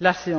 la